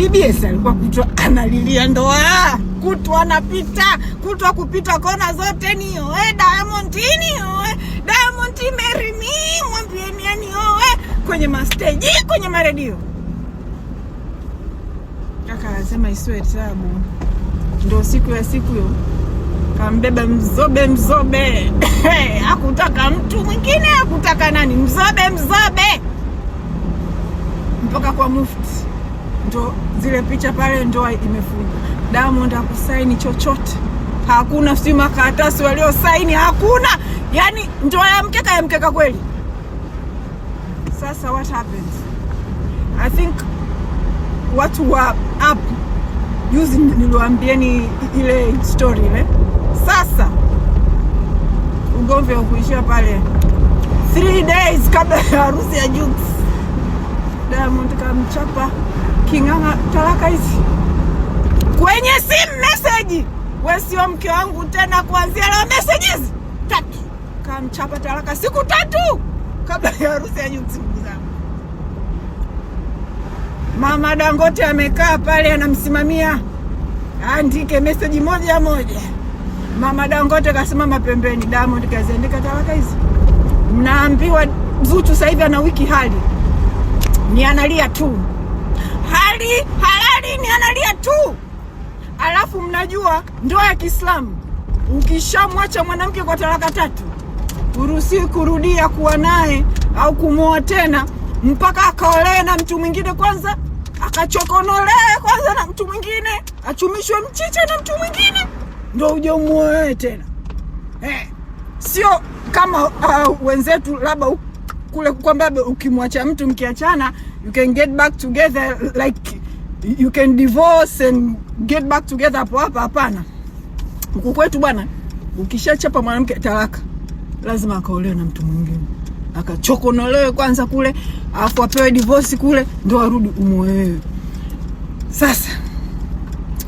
BBS alikuwa kutwa analilia ndoa, kutwa anapita, kutwa kupita kona zote, nioe eh, Diamond, nioe Diamond, marry me, ni anioe eh, kwenye masteji, kwenye maredio. Kaka anasema isiwe tabu, ndo siku ya siku yo kambeba mzobe, mzobe hakutaka mtu mwingine, hakutaka nani, mzobe, mzobe mpaka kwa mufti ndo zile picha pale, ndoa imefunga Diamond hakusaini chochote, hakuna si makaratasi waliosaini hakuna, yani ndoa ya mkeka ya mkeka kweli. Sasa what happens? I think watu wa app juzi niliwaambieni ile story ile. Eh? Sasa ugomvi wa kuishia pale 3 days kabla ya harusi ya Jux Diamond kamchapa King'ang'a talaka hizi kwenye simu meseji, we sio mke wangu tena, kuanzia leo messages tatu. Kamchapa talaka siku tatu kabla ya harusi ya YouTube. Mama Dangote amekaa pale anamsimamia andike meseji moja moja. Mama Dangote kasimama pembeni, Diamond kaziandika talaka hizi. Mnaambiwa Zuchu sasa hivi ana wiki hali ni analia tu, hali halali ni analia tu. Alafu mnajua ndoa ya Kiislamu ukishamwacha mwanamke kwa talaka tatu, uruhusiwi kurudia kuwa naye au kumwoa tena mpaka akaolee na mtu mwingine kwanza, akachokonolee kwanza na mtu mwingine, achumishwe mchicha na mtu mwingine, ndo uje umwoe tena eh. Sio kama uh, wenzetu labda kule kwamba ukimwacha mtu mkiachana, you can get back together like you can divorce and get back together hapo hapa. Hapana, huku kwetu bwana, ukishachapa mwanamke talaka, lazima akaolewe na mtu mwingine, akachokonolewe kwanza kule, alafu apewe divorce kule, ndo arudi umoe Sasa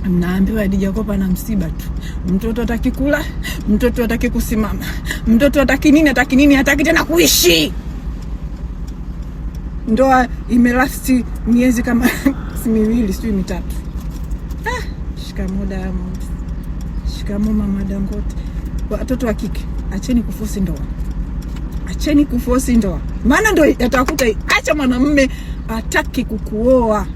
mnaambiwa Hadija Kopa na msiba tu, mtoto hataki kula, mtoto hataki kusimama, mtoto ataki nini, ataki nini, ataki tena kuishi ndoa imelasti miezi kama miwili sijui mitatu. Ah, shikamoo Diamond, shikamoo mama Dangote. Watoto wa kike, acheni kufosi ndoa, acheni kufosi ndoa, maana ndo yatakuta. Acha mwanamume ataki kukuoa.